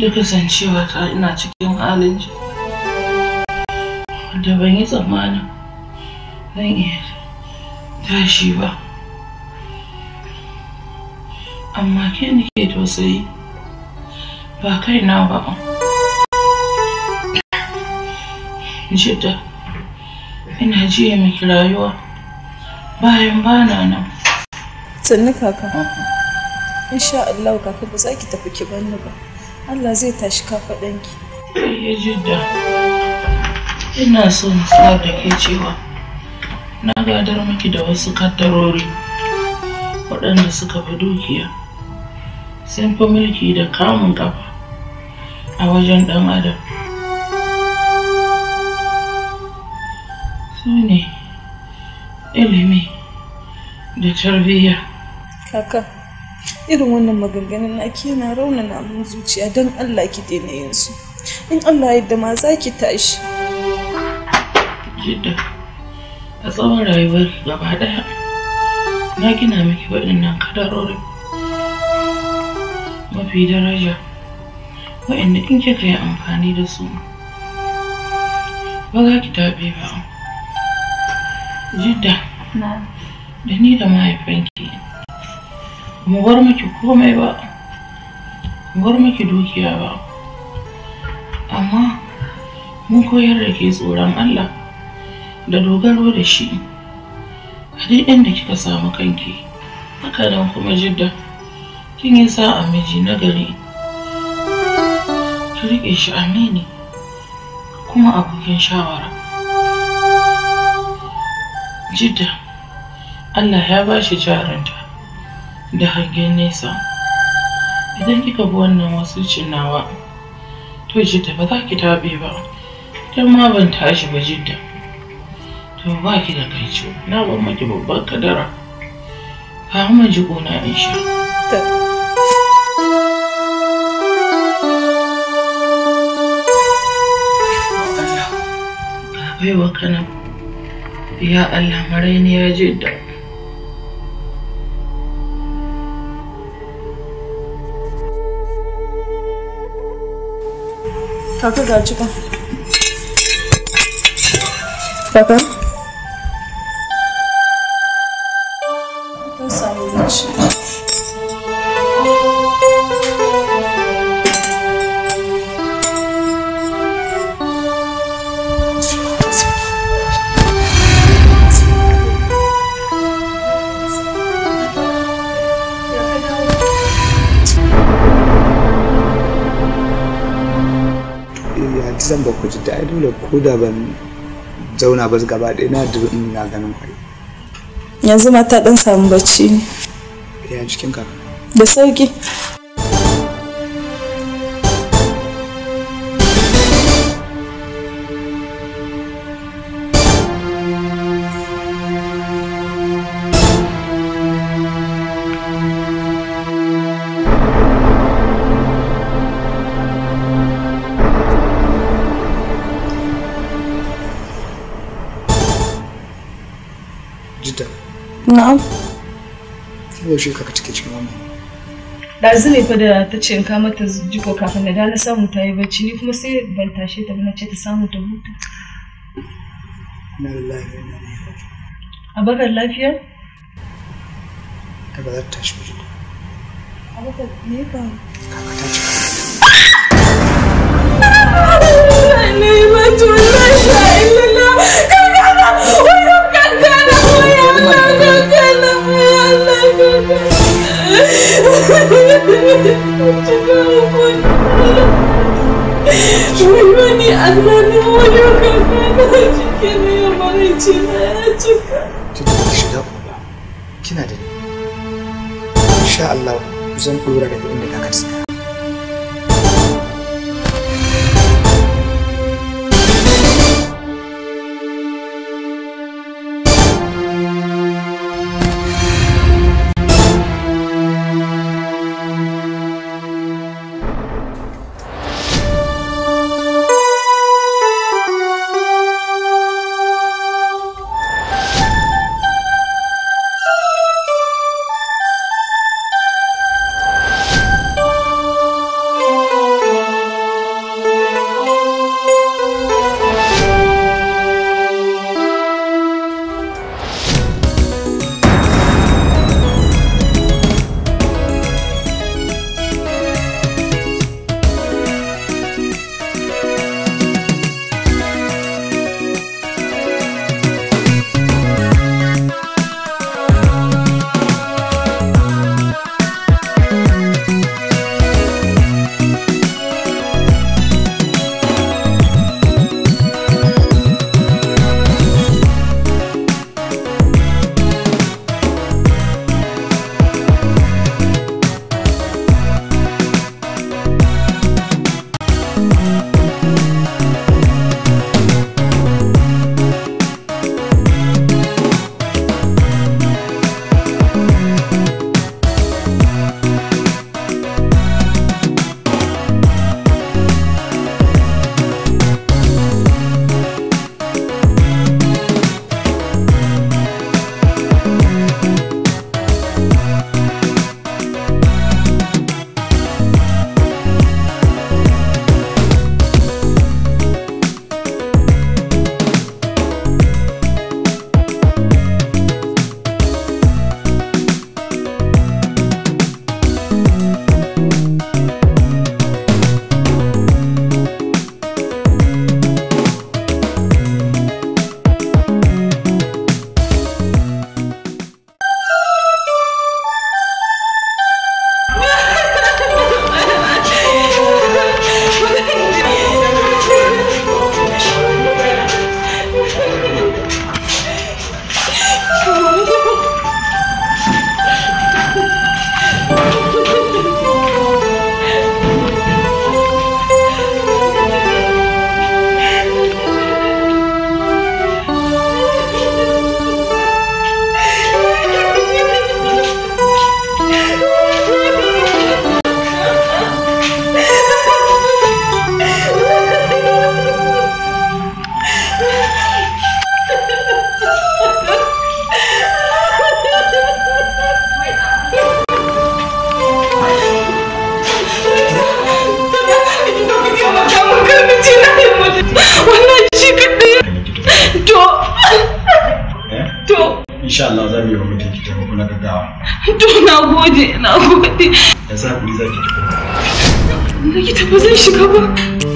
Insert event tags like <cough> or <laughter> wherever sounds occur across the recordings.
duk cewa ta ina cikin halin ji da ban yi tsammanin zan iya tashi ba amma ke nake tausayi ba kai na ba jidda ina jiya miki rayuwa bayan bana nan tsanni kaka insha Allah kaka ba za ki tafi ki banni ba Allah zai tashi kafaɗanki. Ya da ina son sa da ke cewa na gadar miki da wasu kaddarori waɗanda suka fi dukiya, sun fi mulki da kamun kafa a wajen ɗan adam. Su ne ilimi da tarbiyya. Kaka. irin wannan maganganun naki yana raunana min zuciya don Allah ki daina yin su in Allah yadda ma za ki tashi jidda a tsawon rayuwar gaba daya na gina miki waɗannan kadarori mafi daraja waɗanda in kika yi amfani da su ba za ki taɓe ba jidda da ni da mahaifinki mu bar miki komai ba mu bar miki dukiya ba amma mun koyar da ke tsoron Allah da dogaro da shi a duk inda kika samu kanki haka nan kuma jidda kin yi sa'a miji na gari ki riƙe shi amini kuma abokin shawara jidda Allah ya bashi shi jaranta da hangen nesa idan kika bi wannan wasu cinawa to jidda ba za ki taɓe ba don ma ban tashi ba jidda to ba ki da kaico na ban maki babbar kadara ka hama gona in sha baiwa ya Allah maraini ya jidda doctor कर चुका doctor su ta dole ko da ban zauna ba gaba ɗaya na dubu na ganin kwai yanzu mata ɗan samu bacci ne ya cikin ka da sauki yaushe ka cike cikin wannan ɗazu ne fa da ta ce in kama ta jiko kafin da na samu ta yi bacci ni kuma sai ban tashe ta na ce ta samu ta huta a bakar lafiya? ta ba za ta tashi ba jiko a bakar me ba kaka ta ce ne ba Wani Allah ne Kina da ni. Insha Allah zan ɗora daga inda kakar tsaya.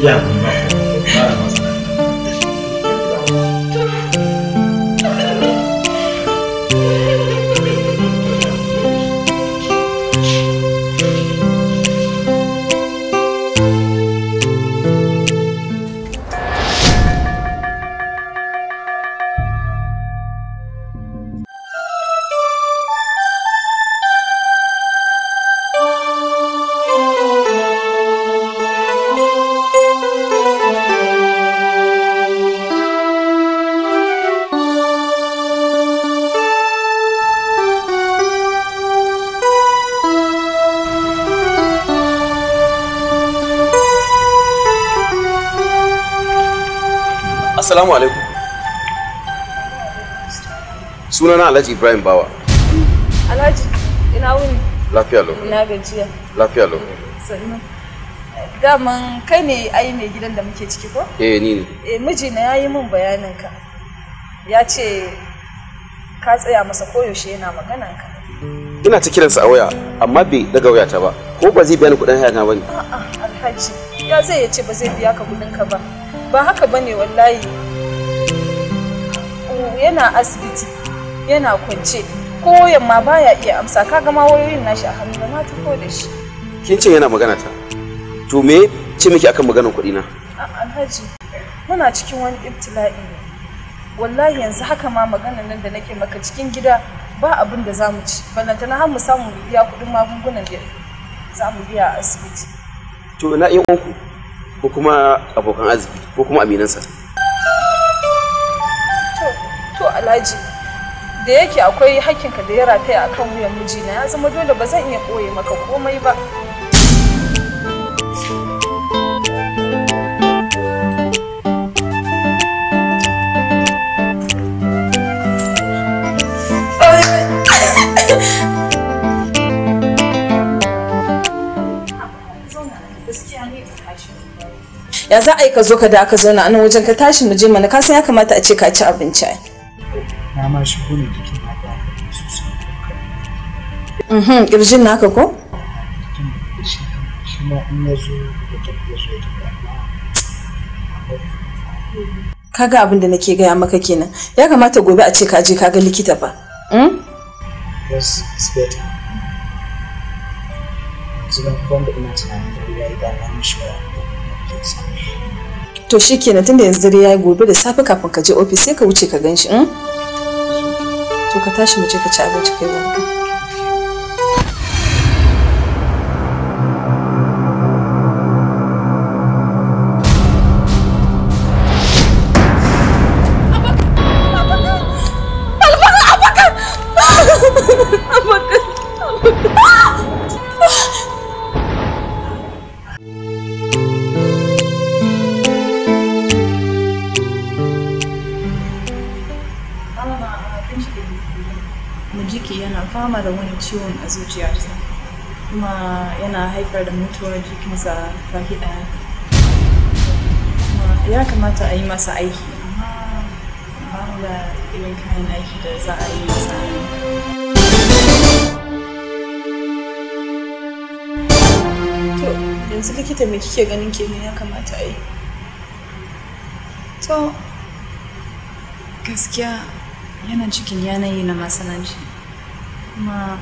让。<laughs> assalamu alaikum sunana alhaji ibrahim bawa alhaji ina wuni lafiya lo. ina gajiya lafiya lo. sannan daman kai ne ai mai gidan da muke ciki ko eh ni ne eh mijina ya yi min bayanin ka ya ce ka tsaya masa koyaushe yana magana ka ina ta kiransa a waya amma bai daga wayata ba ko ba zai biya ni kuɗin hayana ba ne a'a alhaji ya zai ya ce ba zai biya ka kuɗin ka ba ba haka bane wallahi yana asibiti yana kwance ko yamma baya iya amsa kaga ma wayoyin nashi a hannu ba na ko da shi kin ce yana magana ta to me ce miki akan maganar kuɗi na alhaji muna cikin wani ibtila'i ne wallahi yanzu haka ma maganar nan da nake maka cikin gida ba abin da zamu ci ci na har mu samu biya kuɗin magungunan da za mu biya a asibiti to ina iya uku ko kuma abokan arziki ko kuma aminansa to alhaji da yake akwai ka da ya rataya a kan wuyan mijina ya zama dole ba zan iya ɓoye maka komai ba ya za a yi ka zo ka da aka zauna a wajen ka tashi mu je mana kasan ya kamata a ce ka ci abinci kama ma shigo ne jikin na ba sosai mhm kirjin naka ko shi ma in ya zo da tafiya zo da kaga abin da nake gaya maka kenan ya kamata gobe a ce ka je ka ga likita ba hmm? yes it's better zuwa ina tunanin da ya yi dama mishi wa to shi kenan tunda yanzu dare ya yi gobe da safe kafin ka je ofis sai ka wuce ka gan shi hmm? to ka tashi mu je ka ci abinci kai wanka ciwon a zuciyarsa kuma yana haifar da mutuwar jikinsa baki ɗaya ya kamata a yi masa aiki amma ba da irin kayan aiki da za a yi masa to yanzu likita mai kike ganin kenan ya kamata a yi to gaskiya yana cikin yanayi na masananci kuma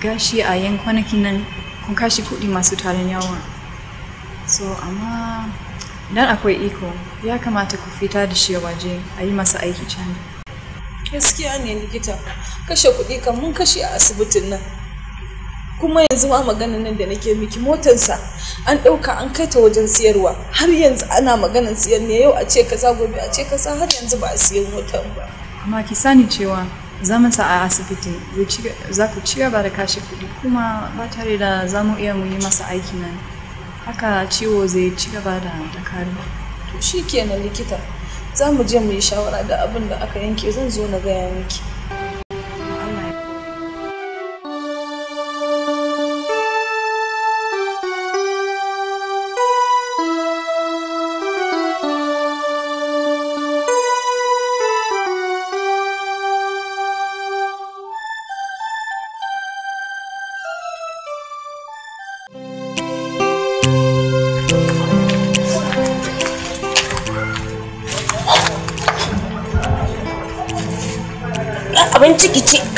gashi a yan kwanakin nan kun kashi kuɗi masu tarin yawa so amma dan akwai iko ya kamata ku fita da shi waje a yi masa aiki can gaskiya ne likita kashe kudi kan mun kashe a asibitin nan kuma yanzu ma maganan nan da nake miki motarsa an ɗauka an kai ta wajen siyarwa har yanzu ana maganan siyar ne yau a ce kaza gobe a ce kaza har yanzu ba a siyan motar ba amma ki sani cewa sa a asibiti za ku ci gaba da kashe kuɗi kuma ba tare da za mu iya mu yi masa aiki nan haka ciwo zai ci gaba da takari to shi kenan likita za mu je mu yi shawara da abin da aka yanke zan zo na gaya miki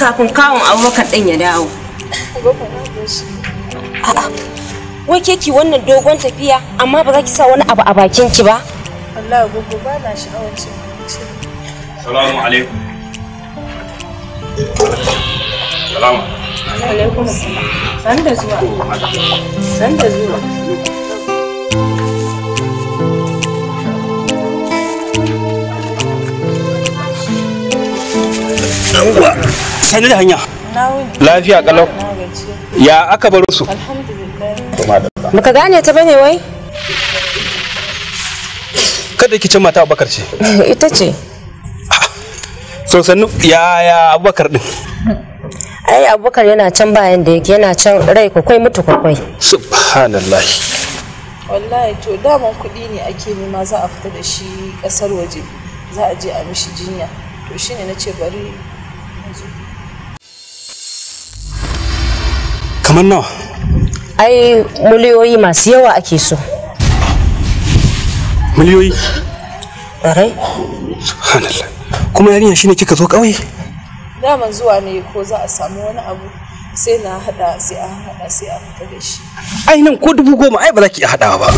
kafin kawon abubakar ɗin ya dawo. wai keki wannan dogon tafiya amma ba za ki sa wani abu a bakin ki ba? Allah gugu ba na sha'awar ce. Salamu alaikum. Salamu. Alaikum. Sanda zuwa. Sanda zuwa. sani da hanya lafiya kalau ya aka baro su baka gane ta bane wai kada ki ce mata abubakar ce <laughs> ita ce so sannu ya abubakar din ai abubakar yana can bayan da yake yana can rai kwakwai mutu kwakwai subhanallah wallahi to daman kuɗi ne ake nema za a fita da shi ƙasar waje za a je a mishi jinya to shine na ce bari kamar nawa ai miliyoyi masu yawa ake so miliyoyi ƙwarai subhanallah kuma yarinya shine kika zo ƙauye daman zuwa ne ko za a samu wani abu sai na hada sai an hada sai an fita da shi ai nan ko dubu goma ai ba za ki iya hadawa ba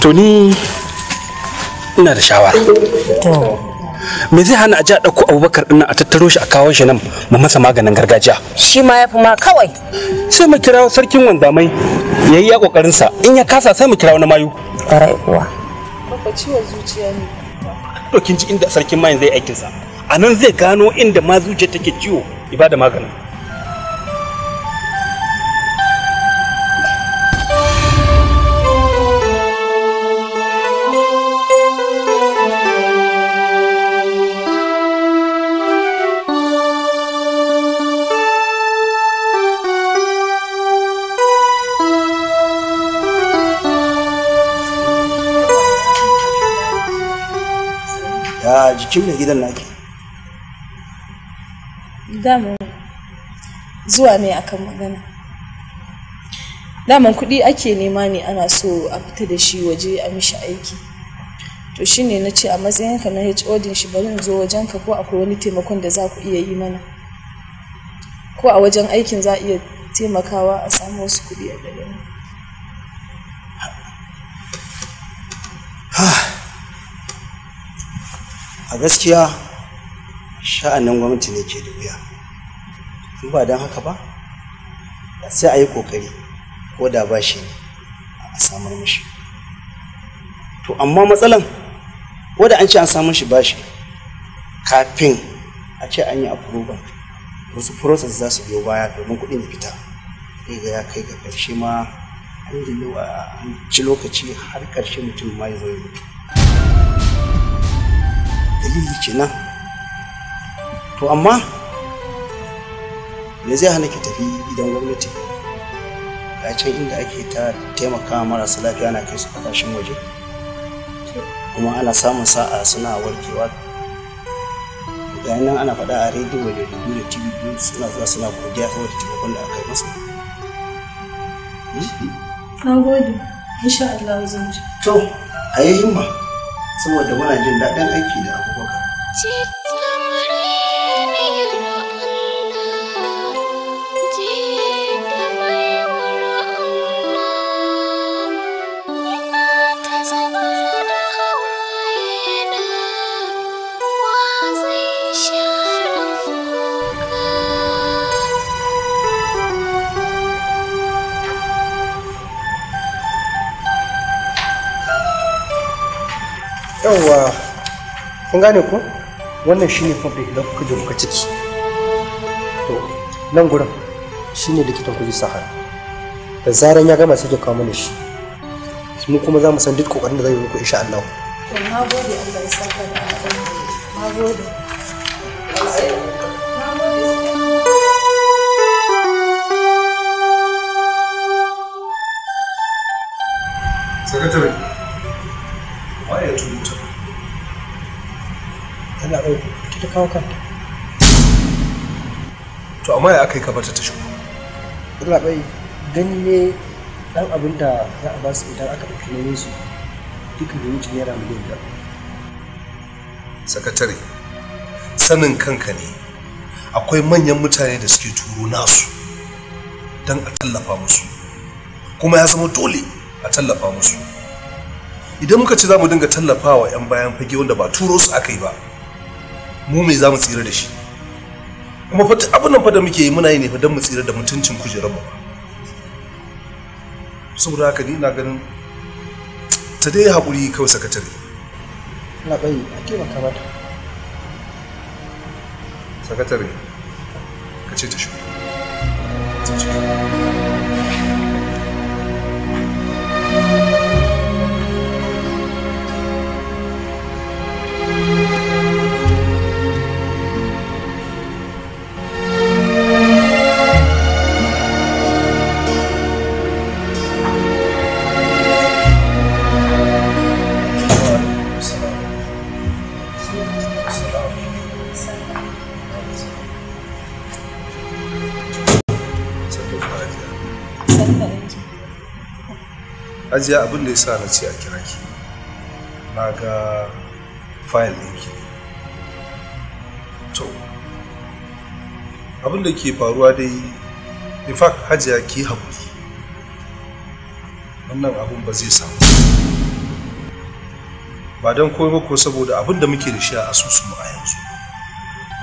to ni ina da shawara to me zai hana a ji a ɗauko abubakar ɗin a tattaro shi a kawo shi nan mu masa maganin gargajiya shi ma ya fi ma kawai sai mu kirawo sarkin wandamai ya yi ya ƙoƙarinsa in ya kasa sai mu kirawo na mayu ƙwarai kuwa baka ciwon zuciya ne to kin ji inda sarkin mayin zai aikinsa a nan zai gano inda ma zuciya take ciwo ibada maganin kin mai gidan naki dama zuwa ne akan magana daman kuɗi ake nema ne ana so a fita da shi waje a mishi aiki to shine na ce a matsayinka na HOD shi bari in zo wajenka ko akwai wani taimakon da za ku iya yi mana ko a wajen aikin za iya taimakawa a samu wasu kuɗi a gare mu a gaskiya sha'anin gwamnati ne ke da wuya in ba don haka ba sai a yi kokari ko da ba shi a samar mashi to amma matsalan ko da an ce an samar shi bashi kafin a ce an yi approval wasu process za su biyo baya domin kuɗin ya fita sai ga ya kai ga karshe ma an ci lokaci har karshe mutum ma ya zo mutu dalili kenan to amma me zai hana ki tafi idan gwamnati ga can inda ake ta taimaka marasa lafiya na kai su kasashen waje kuma ana samun sa'a suna warkewa ga nan ana faɗa a rediyo da rediyo da tv suna zuwa suna godiya wata taimakon da aka yi masa. na gode insha Allah zan ji to a yi himma saboda muna jin daɗin aiki da abubakar. yawwa kun gane ku wannan ne fabrik da kuka je kuka ciki to nan gurin ne likitan kuji sahara da zaran ya gama sai kawo mana shi mu kuma za mu san duk kokarin da zai yi muku insha Allah to na gode Allah ya saka da na gode kawo ka to amma ya aka yi ka ta shigo illa bai gani ne dan abin da za a ba su idan aka ɗauki nauyin su duka da wuce naira miliyan biyar sakatare sanin kanka ne akwai manyan mutane da suke turo nasu don a tallafa musu kuma ya zama dole a tallafa musu idan muka ce za mu dinga tallafa wa 'yan bayan fage wanda ba turo su aka yi ba mu me za mu tsira da shi kuma fa abin nan fa da muke yi muna yi ne fa don mu tsira da mutuncin kujerarmu saboda haka ni ina ganin ta dai haƙuri kawai sakatare na bai a taimaka mata sakatare ka ce ta shi thank you hajiya abin da ya sa na ce a kira ki na ga fayil ki to abin da ke faruwa dai in fact hajiya ki haƙuri wannan abin ba zai samu ba don koyi ba ko saboda abin da muke da shi a mu a yanzu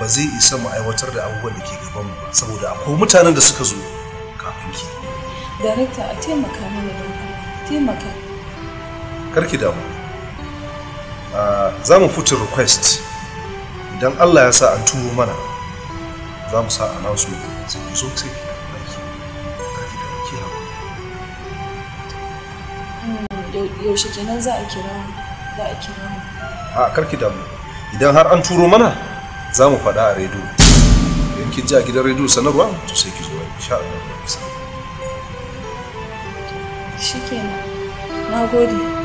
ba zai isa mu aiwatar da abubuwan da ke gaban ba saboda akwai mutanen da suka zo kafin ki. Darekta a taimaka mana don taimaka karki damu ah, za mu fitin request idan allah ya sa an turo mana za mu sa announcement sai ku zo sai karki da ki hawo hmm, yaushe kenan za a kira za a kira mu a ah, karki damu idan har an turo mana za mu faɗa a rediyo idan kin ji a gidan rediyo sanarwa to sai ki zo insha Allah shikenan na gode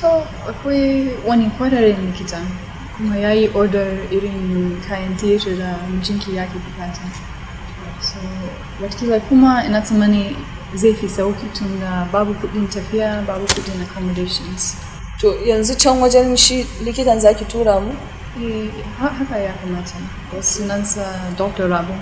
to akwai wani kwararin likitan kuma ya yi odar irin kayan tiyata da mijinki ya ke bukata so watakila kuma ina tsammani zai fi sauki tun da babu kuɗin tafiya babu kuɗin accommodations to yanzu can wajen shi likitan zaki tura mu eh, haka ya kamata sunansa dr rabu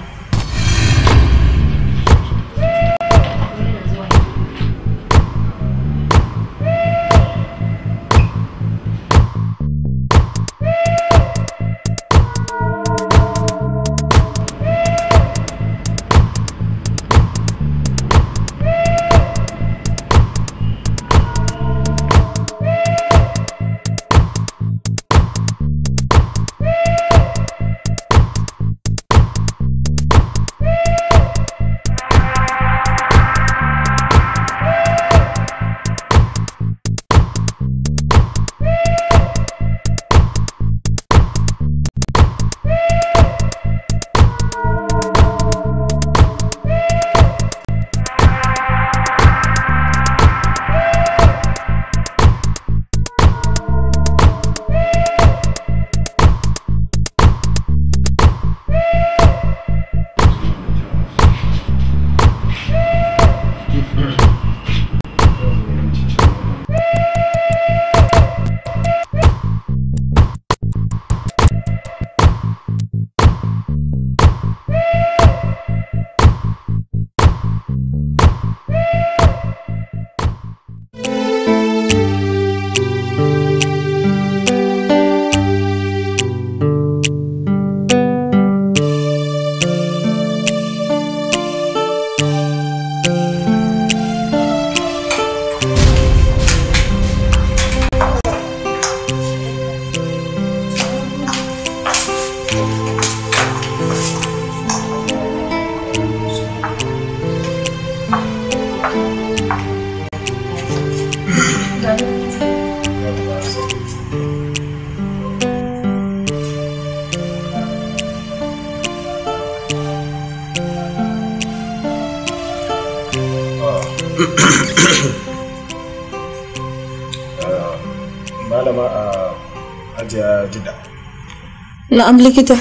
na'am likita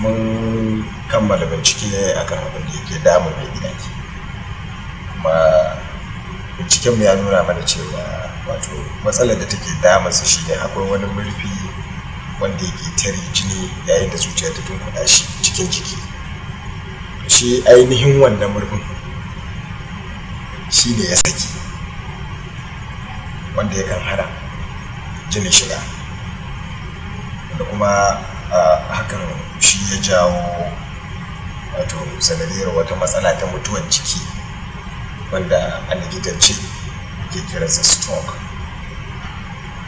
mun kammala bincike akan abin da yake damun mai gidanki kuma binciken mu ya nuna mana cewa wato matsalar da take su shi ne akwai wani murfi wanda yake tare jini yayin da zuciya ta tunkuɗa shi cikin jiki shi ainihin wannan murfin shi ne ya saki wanda yakan hana jini shiga da kuma hakan shi ya jawo wato sanadiyar wata matsala ta mutuwan ciki wanda a likitance ke kiransa stroke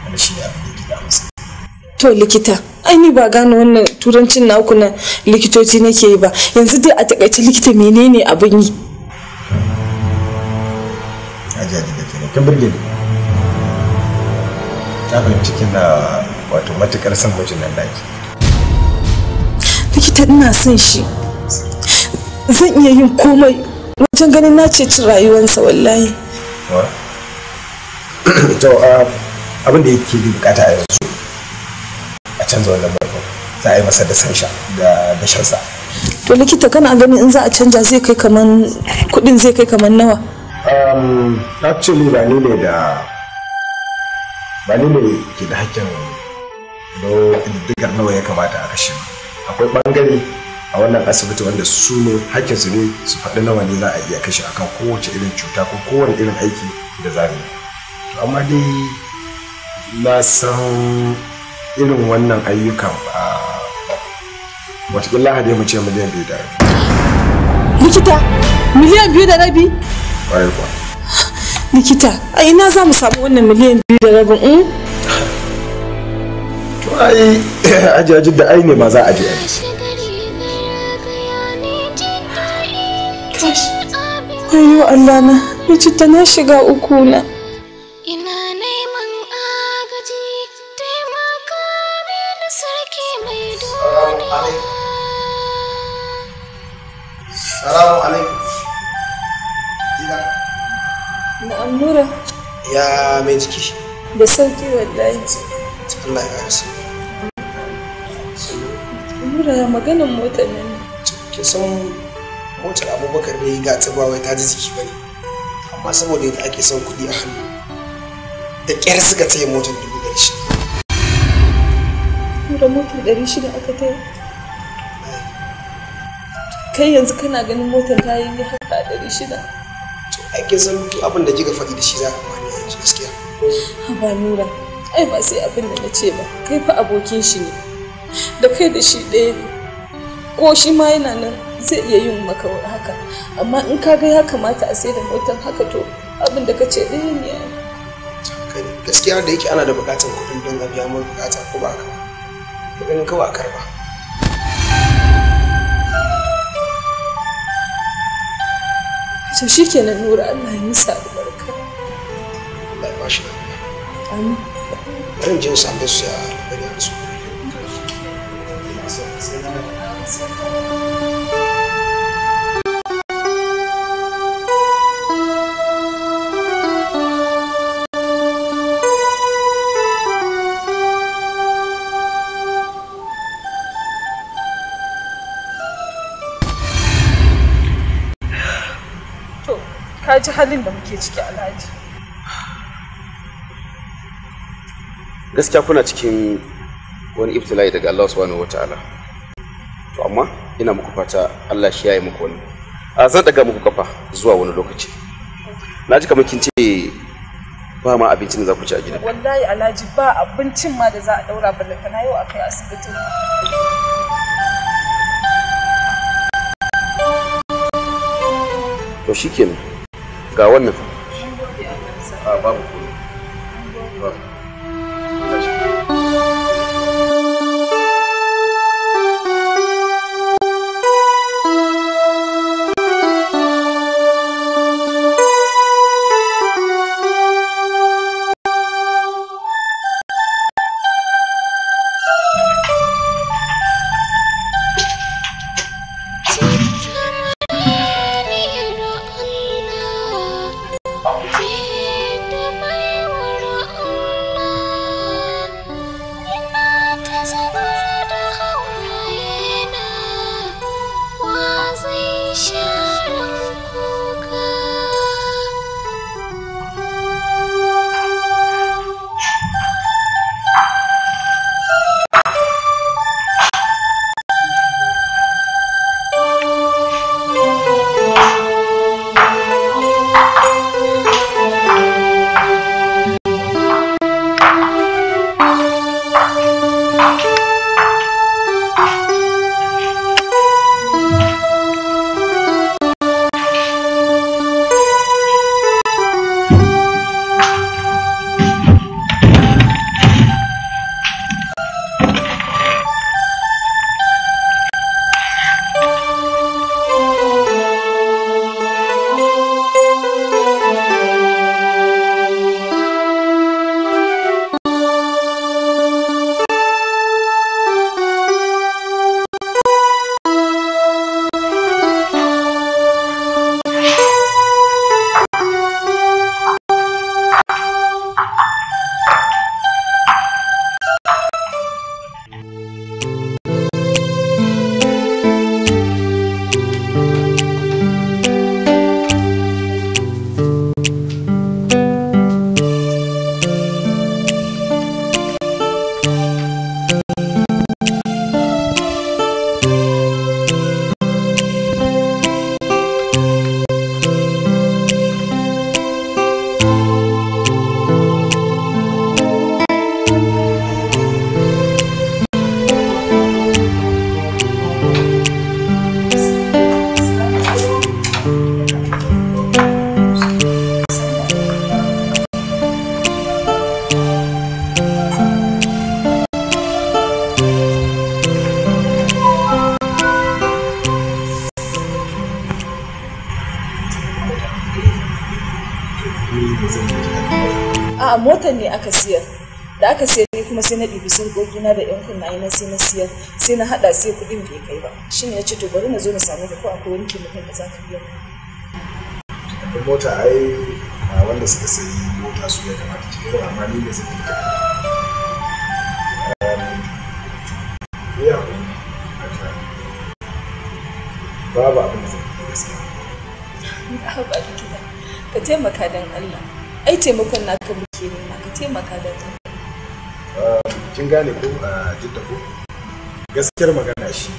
wanda shi ne abin da ke damunsa to likita ai ni ba gano wannan turancin naku na likitoci nake yi ba yanzu dai a takaice likita menene abin yi ajaji da ke kin birge ta fahimci kina wato matukar son mijin nan naki likita ina son shi zan iya yin komai wajen ganin na ceci rayuwarsa wallahi <clears throat> to ah, abin da yake bukata a yanzu a canza wannan barkon za a yi masa da sansha da dashensa to likita kana ganin in za a canja zai kai kaman kudin zai kai kaman nawa um actually ba ni ne da ba ni ne ke da hakkin don diddigar nawa ya kamata a kashe akwai bangare a wannan asibiti wanda su ne hakkin su ne su faɗi nawa ne za a iya kashe akan kowace irin cuta ko kowane irin aiki da za mu to amma dai na san irin wannan ayyukan ba wataƙila hade mu ce miliyan biyu da rabi likita miliyan biyu da rabi ƙwarai kuwa likita a ina za mu samu wannan miliyan biyu da rabin hmm? to aji <coughs> aji da ai ma za a je a ji Allah na, shiga uku Ina neman agaji, taimaka sarki mai duniya. Ya mai jiki. Da sauki wallahi. Allah ya ya maganin motar nan. ke san motar Abubakar ya ga ta ta ji jiki bane. Amma saboda yadda ake son kuɗi a hannu da ƙyar suka tsaye motar dubu ɗari shida. kura motar ɗari shida aka taya. Kai yanzu kana ganin motar ta yi har ta ɗari shida. To ake son duk abin da kika faɗi da shi za ka mani yanzu gaskiya. Haba Nura, ai ba sai abin da na ce ba, kai fa abokin shi ne. da kai da shi ɗaya ne ko shi ma yana nan zai iya yin maka haka amma in ka ga ya kamata a sai da motar haka to abin da ka ce ɗaya ne gaskiya da yake ana da bukatar kuɗin don a biya mun bukata ko ba ka kuɗin kawai a karba to shi nan nura Allah ya musa barka. Allah ya ba shi da amin bari in je su ya ka ji halin da muke ciki alhaji gaskiya kuna cikin wani ibtila'i daga Allah subhanahu ta'ala to amma ina muku fata Allah shi yayi muku wani a zan daga muku kafa zuwa wani lokaci na ji kamar kin ce ba ma abincin da za ku ci a gida wallahi alhaji ba abincin ma da za a daura ballaka na yau akai asibiti to shikenan ga wannan babu aljihuna da yan kunna ina sai na siyar sai na hada sai kudin bai kai ba shi ne ce to bari na zo na samu ka ko akwai wani kimikin da za ka biya da mota ai a wanda suka sayi mota su ya kamata ki kai amma ni ne zan yi ta ya babu abin da zan yi gaskiya ba ba ka taimaka don Allah ai taimakon kan kin gane ko jidda ko gaskiyar magana shi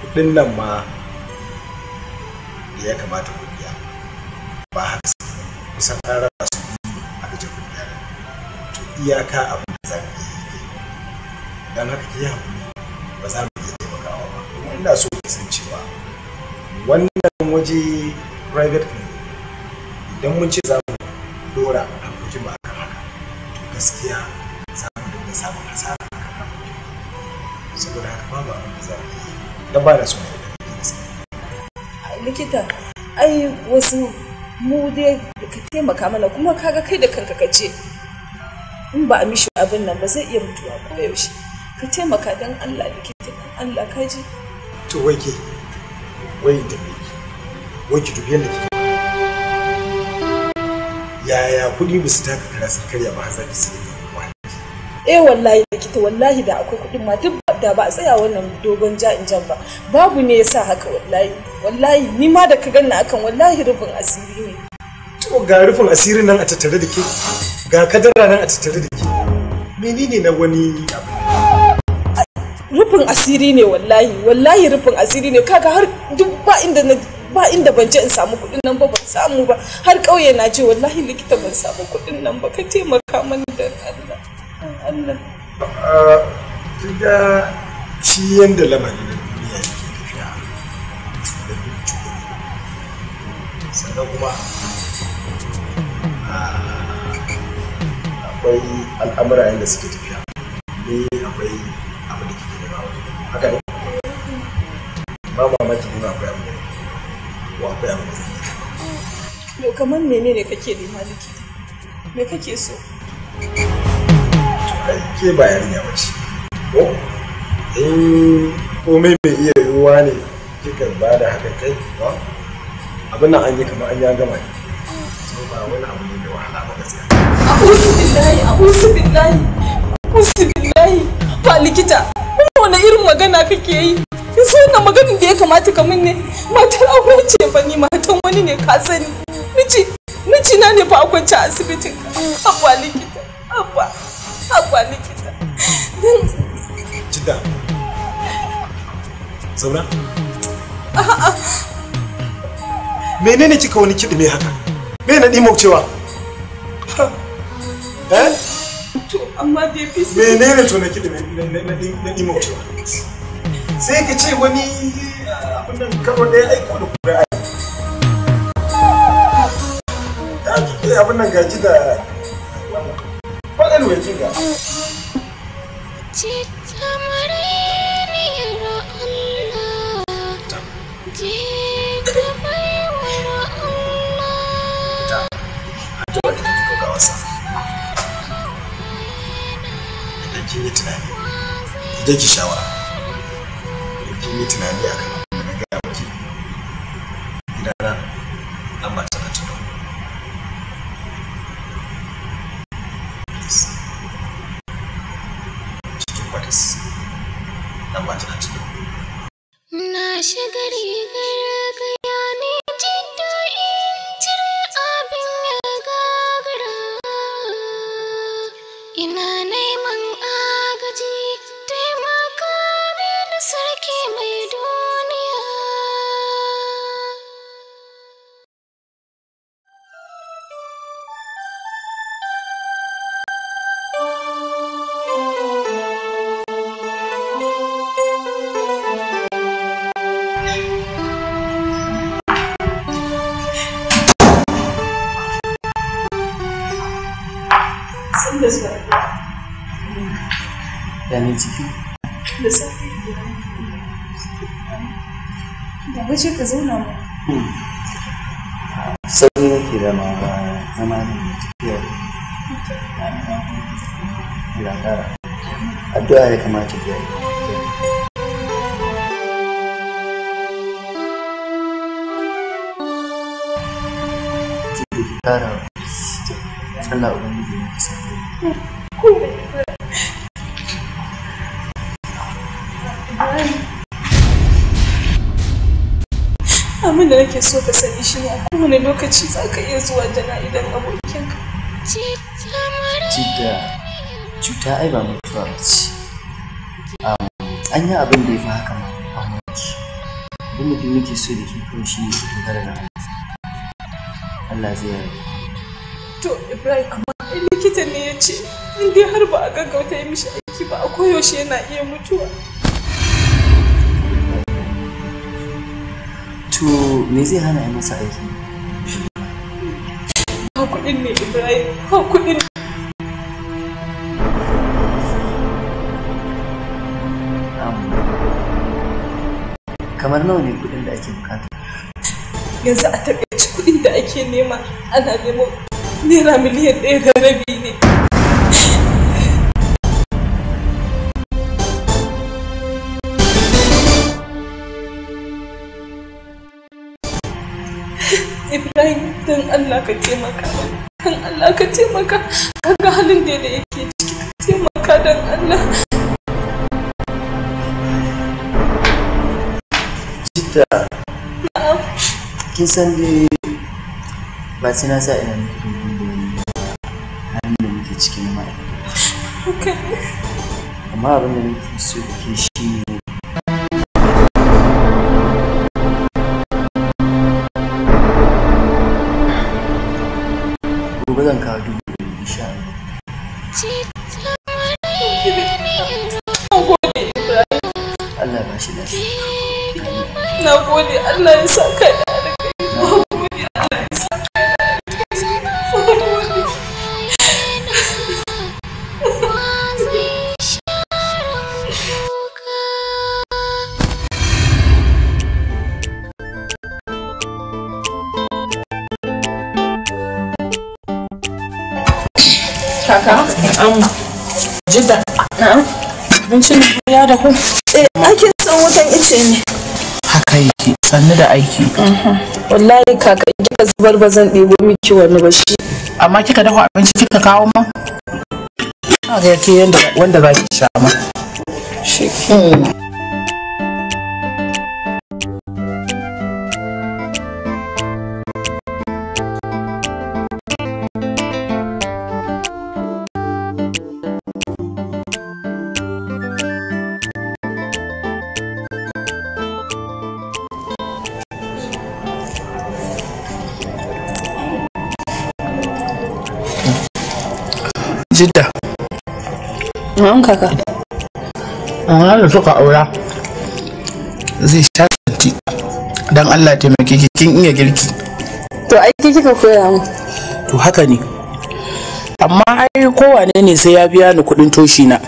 kudin nan ma da ya kamata ku biya ba haka kusan an raba su a gaje ku biya to iyaka abin da za mu yi dan haka ki hakuri ba za mu iya taimakawa ba kuma ina so ku san cewa wannan waje private ne idan mun ce za mu dora abokin ba akan haka to gaskiya da samun asara a kan abin saboda haka babu abin da za a yi don ba da so likita ai wasu mu dai da ka taimaka mana kuma kaga kai da kanka ka ce in ba a mishi abin nan ba zai iya mutuwa ko yaushe ka taimaka dan Allah likita dan Allah ka ji to wai ke wai da me wai ki dubi yadda kike yaya kuɗi ba su taka kara sun karya ba za ki sai eh wallahi likita wallahi da akwai kuɗin ma duk da ba a tsaya wannan dogon ja'in jan ba babu ne yasa haka wallahi wallahi ni ma da ka ganna akan wallahi rufin asiri ne to ga rufin asirin nan a tattare da ke ga kadara nan a tattare da ke menene na wani rufin asiri ne wallahi wallahi rufin asiri ne kaga har duk ba inda na ba inda ban je in samu kuɗin nan ba ban samu ba har ƙauye na je wallahi likita ban samu kuɗin nan ba ka taimaka mana da Allah Kiga shi yadda lamarin da duniya yake tafiya da duk sannan kuma akwai al'amura yadda suke tafiya ne akwai abu da ke nema haka ne ba mamaki ne akwai abu da ko akwai abu da zai yi kamar kake nema me kake so ke ba yarinya ba ce ko in eh, komai mai iya ruwa ne kika ba da haka kai ba abin nan an yi kamar an ya gama ne so ba wani abu ne da wahala ba gaskiya a'udhu billahi a'udhu billahi a'udhu billahi ba likita wani irin magana kake yi yanzu wannan maganin da ya kamata ka min ne matar aure ce ba ni matan wani ne ka sani miji miji na ne fa a kwance asibitin abba likita abba Haba likita. Jidda. Menene kika wani kiɗi mai haka? Me na ɗimau cewa? Eh? To, amma dai fi Menene to na kiɗi na ɗimau cewa? Sai ka ce wani eh, abin nan karo ɗaya aiko da abin nan gaji da anyway, Jinga. Idan ki shawara, idan ki addu'a ya kamata ya yi abin da nake so ka sani shi ne a kowane lokaci za ka iya zuwa jana'idan abokinka. cuta ai ba mutuwa ba ce. Um, an yi abin da ya fi haka ma mahimmanci abin da nake so da ke kawai shi ne dogara da Allah zai yarda to Ibrahim amma likita ne ya ce in dai har ba a gaggauta ya mishi aiki ba a koyaushe yana iya mutuwa to me zai hana ya masa aiki ba kuɗin ne Ibrahim ba kuɗin ne. kamar nawa ne kuɗin da ake bukata yanzu a takaici kudin da ake nema ana nemo naira miliyan ɗaya da rabi ne Ibrahim don Allah ka taimaka don Allah ka taimaka kaga halin da yake ciki ka taimaka don Allah ta kin san dai ba sai na sa ina muke domin da halin da muke cikin ma'aikata amma abin da nake so ke shi ne gobe zan kawo dubu da insha Allah ba shi lafiya na gode Allah ya saka da kaka jidda na'am abincin ya da ku eh ake son wutan ice ne haka sannu da aiki mhm. wallahi kaka kika zubar ba zan ɗebo miki wani ba shi amma kika dafa abinci kika kawo ma ga yake wanda za ki sha ma jidda an kaka amma da suka aura zai sha santi don allah taimake ki kin iya girki to aiki kika koya mu to haka ne amma ai kowane ne sai ya biya ni kudin toshi na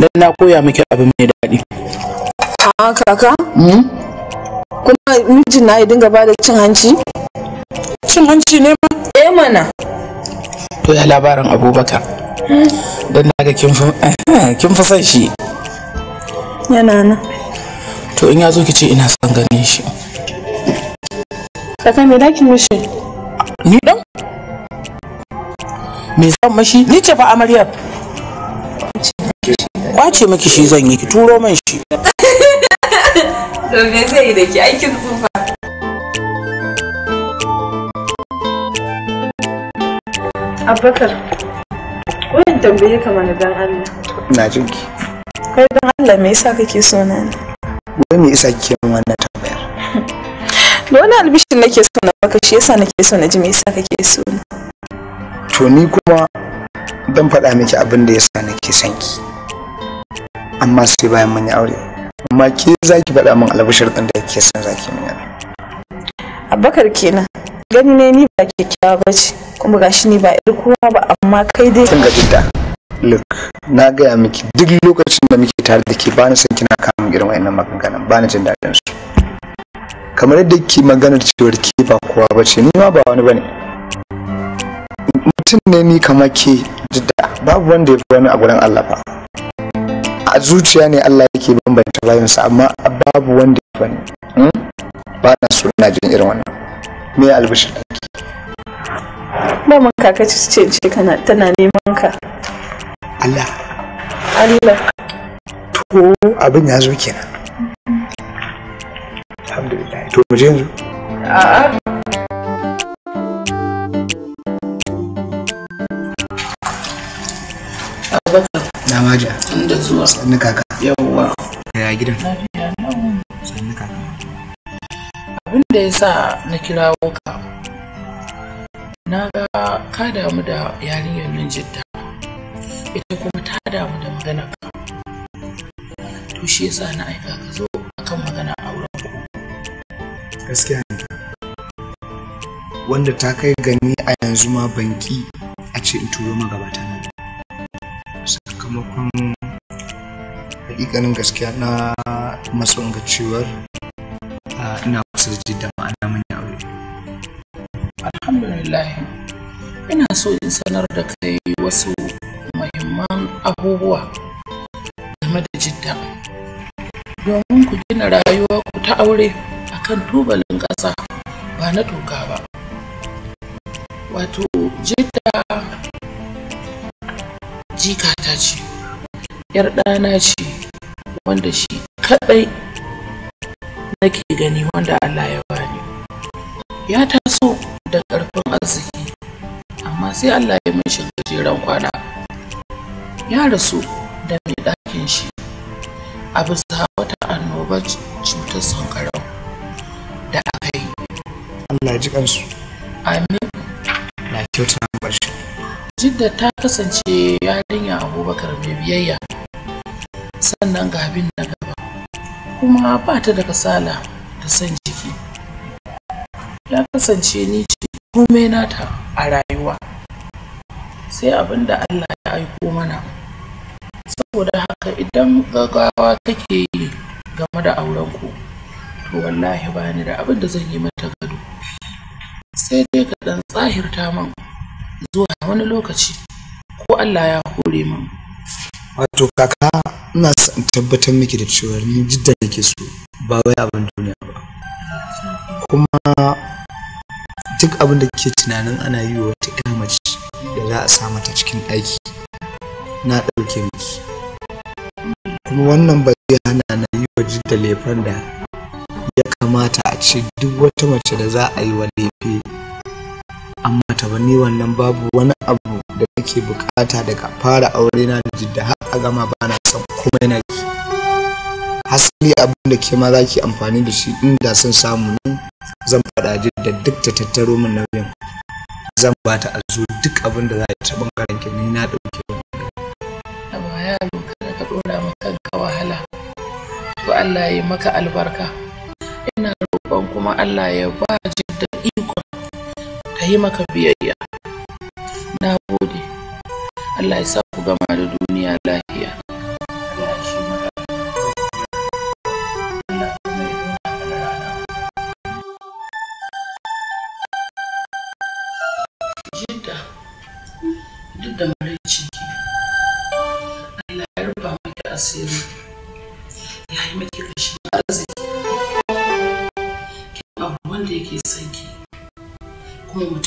don na koya miki abin mai daɗi a kaka hmm? kuma mijin na ya dinga bada cin hanci cin hanci ne ma eh mana to ya labarin abubakar don na ga <laughs> kin fi son shi yana nan to in ya zo ki ce ina son ganin shi Saka me dakin mishi ni dan me zan mashi ni ce fa amaryar kwace miki shi zan yi ki turo man shi <laughs> to me zai yi da ki aikin tsufa Abubakar, wurin tambaye ka mana dan Allah. Na jin ki. Kai dan Allah me yasa kake so na ni? Wai me yasa kike min wannan tambayar? Da wani albishin nake so na baka shi yasa nake so na ji me yasa kake so ni. To ni kuma zan faɗa miki abin da yasa nake son ki. Amma sai bayan mun yi aure. Amma ke za ki faɗa min albishir ɗin da kike son za ki min Abubakar kenan. Gani ne ni ba kyakkyawa ba ce. kuma gashi ne ba iri kowa ba amma kai dai kin gaji da look na gaya miki duk lokacin da muke tare da ke ba ni san kina kamun irin wayannan maganganun ba ni jin daɗin su kamar yadda ke maganar cewar ke ba kowa ba ce ni ma ba wani bane mutum ne ni kama ke jidda babu wanda ya fi wani a gurin Allah ba a zuciya ne Allah yake bambanta bayansa amma babu wanda ya fi wani hmm? ba na so ina jin irin wannan me albishir Mama kaka ce ce kana tana neman ka. Allah. Allah. To abin ya zo kenan. Alhamdulillah. To mu je yanzu. A'a. Abubakar. Na maja. Inda zuwa. Sannu kaka. Yawwa. Ya gidan. Sannu kaka. Abin da ya sa na kirawo ka na ga ka damu da yarinyar nan jidda ita kuma ta damu da magana ka to shi yasa na aika ka zo akan magana auren ku gaskiya wanda ta kai gani a yanzu ma banki a ce in turo magabata na sakamakon hakikanin gaskiya na matsan cewar ah, ina kusa da jidda ma'ana manyan aure alhamdulillah ina so in sanar da kai wasu muhimman abubuwa game da jidda domin ku gina rayuwa ku ta aure akan tubalin ƙasa ba na toka ba wato jidda ta ce yar ɗana ce wanda shi kaɗai nake gani wanda Allah ya bani ya taso da ƙarfin arziki amma sai Allah ya mishi gajeren kwana ya rasu da mai ɗakin shi a bisa wata annoba cutar sankara da aka yi Allah ya ji kansu amin na kyauta na ƙarshe jidda ta kasance yarinya abubakar mai biyayya sannan ga abin da gaba kuma ba ta da kasala da son jiki ya kasance ni ce komai nata a rayuwa sai abin da Allah ya aiko mana saboda haka idan gaggawa take yi game da auren ku, to wallahi ba ni da abin da zan yi mata gado sai dai ka dan tsahirta min zuwa wani lokaci ko Allah ya hore min wato kaka ina son tabbatar miki da cewa ni jidda nake so ba wai abin duniya ba kuma duk abin da ke tunanin ana yi wa wata ɗan mace da za a sa mata cikin aiki, na ɗauke miki kuma wannan ba hana na yi wa jidda laifin da ya kamata a ce duk wata mace da za a yi wa laifi amma ta ni wannan babu wani abu da kake bukata daga fara aure na da jidda har a gama ba na son komai na ki hasali abin da ke ma za ki amfani da shi inda sun samu ne zan faɗa jidda duk ta tattaro min nauyin zan ba ta azu duk abin da za a ta bangaren ki ni na ɗauke amma baya, lokacin ka ɗora ma kanka wahala to Allah ya maka albarka ina roƙon kuma Allah ya ba jidda ikon ta yi maka biyayya na gode Allah ya sa ku gama da duk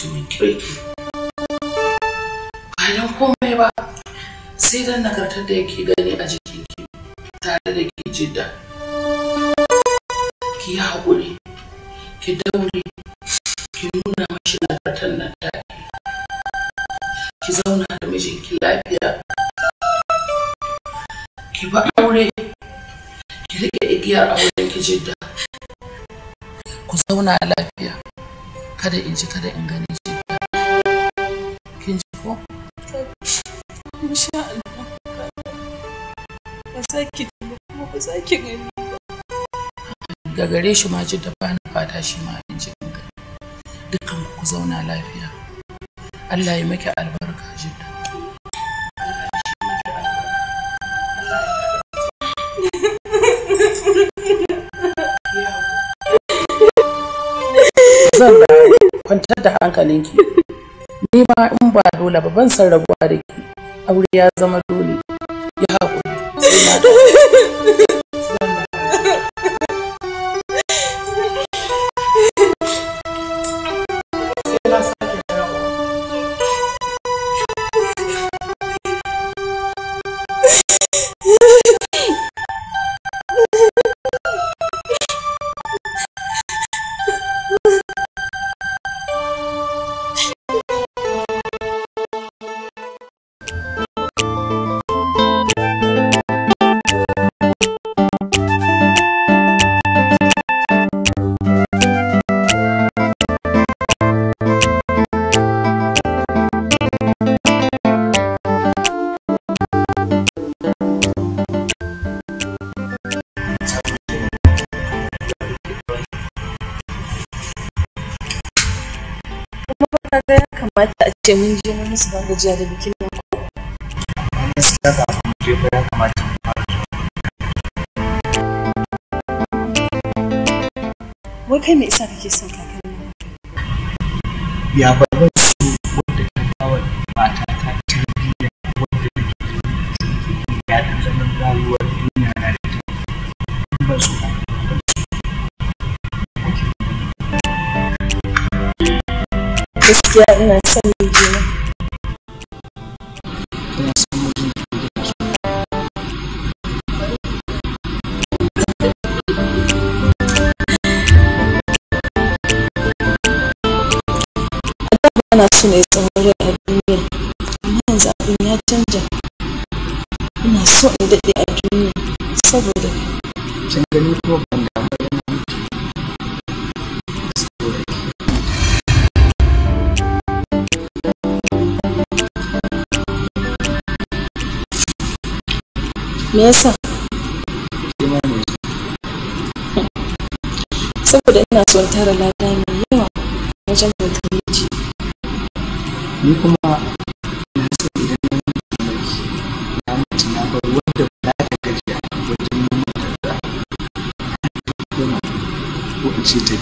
mutumin kirki komai ba sai don nagartar da yake gani a jikin ki tare da ki jidda ki yi haƙuri ki daure ki nuna mashi nagartar nan take ki zauna da mijinki lafiya ki ba aure ki riƙe igiyar auren ki jidda ku zauna lafiya kada in ji kada in gani shi kin ji ko insha ki gani ba ga gare shi ma ji da bani fata shi ma in ji in gani dukkan ku zauna lafiya Allah ya maki albarka jidda zan kwantar da hankalinki ni ma in ba dole ba ban san rabuwa da ki aure ya zama dole kamata um e a ce mun je mun banga jiya da bikin nan ko? Gaskiya ba mu je ba ya kamata mu fara Wai kai me isa kake son kakan Ya ba gaskiya ina son mijina ina son mijin ana so a duniya amma yanzu abin ya canja ina so in daɗe a duniya saboda kin gani kuma ban me yasa saboda ina son tara lada mai yawa wajen bautar miji ni kuma na san idan na mutu mulki na mutu na bar wanda ba ta gajiya wajen nuna tarda kuma ko in ce ta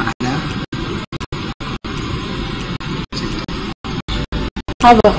ma'ana haba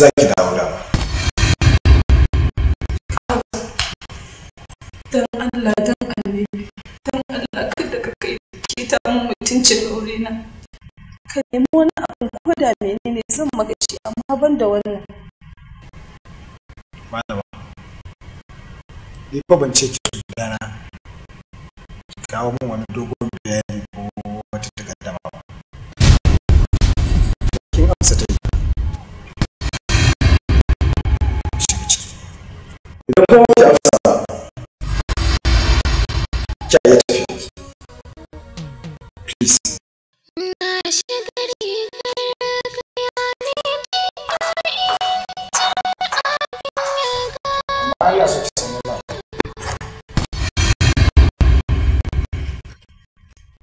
zaki ki dawo da Dan Allah dan annabi dan Allah kada ka kai kita mun mutuncin aure na. Ka nemi wani abu ko da menene zan maka shi amma ban da wannan. Malama. Ni fa ban ce ki dana Kawo mun wani dogon Japon qui a fait ça, qui a été Please.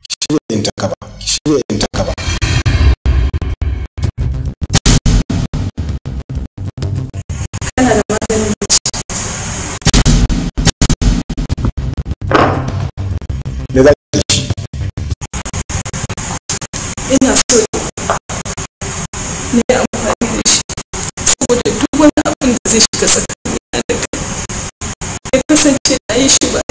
Kishiwe mtakaba, kishiwe mtakaba. ina so ne amfani da shi saboda duk wani abin da zai shiga tsakanina da kai ya kasance na yi shi ba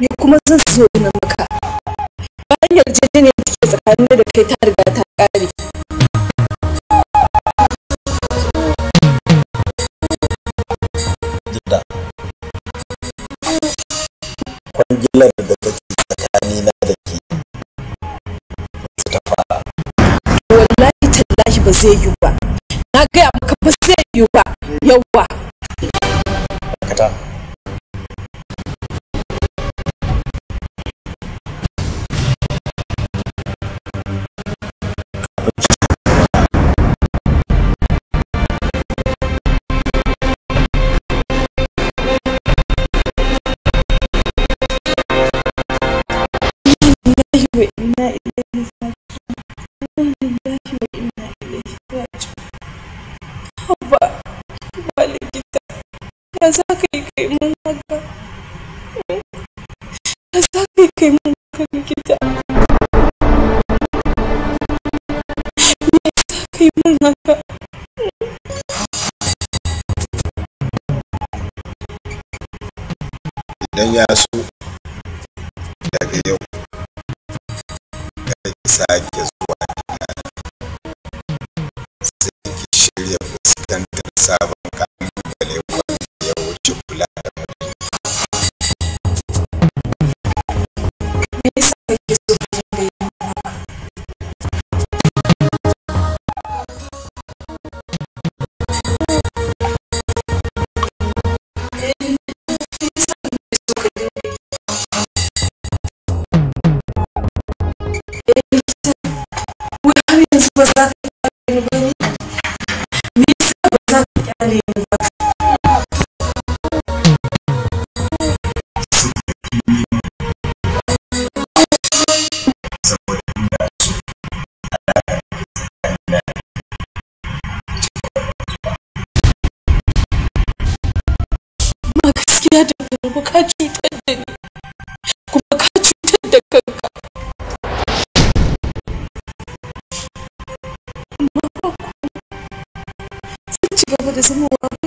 ni kuma zan so na maka bayan yarjejeniyar da ke tsakanin da kai ta riga ta ƙare kwangilar da take tsakani na da ke ta fara wallahi tallahi ba zai yiwu ba na gaya maka ba zai yiwu ba yawwa kai mun kan kita me yasa kai mun haka idan ya so daga yau kai sake minhas 我是生活。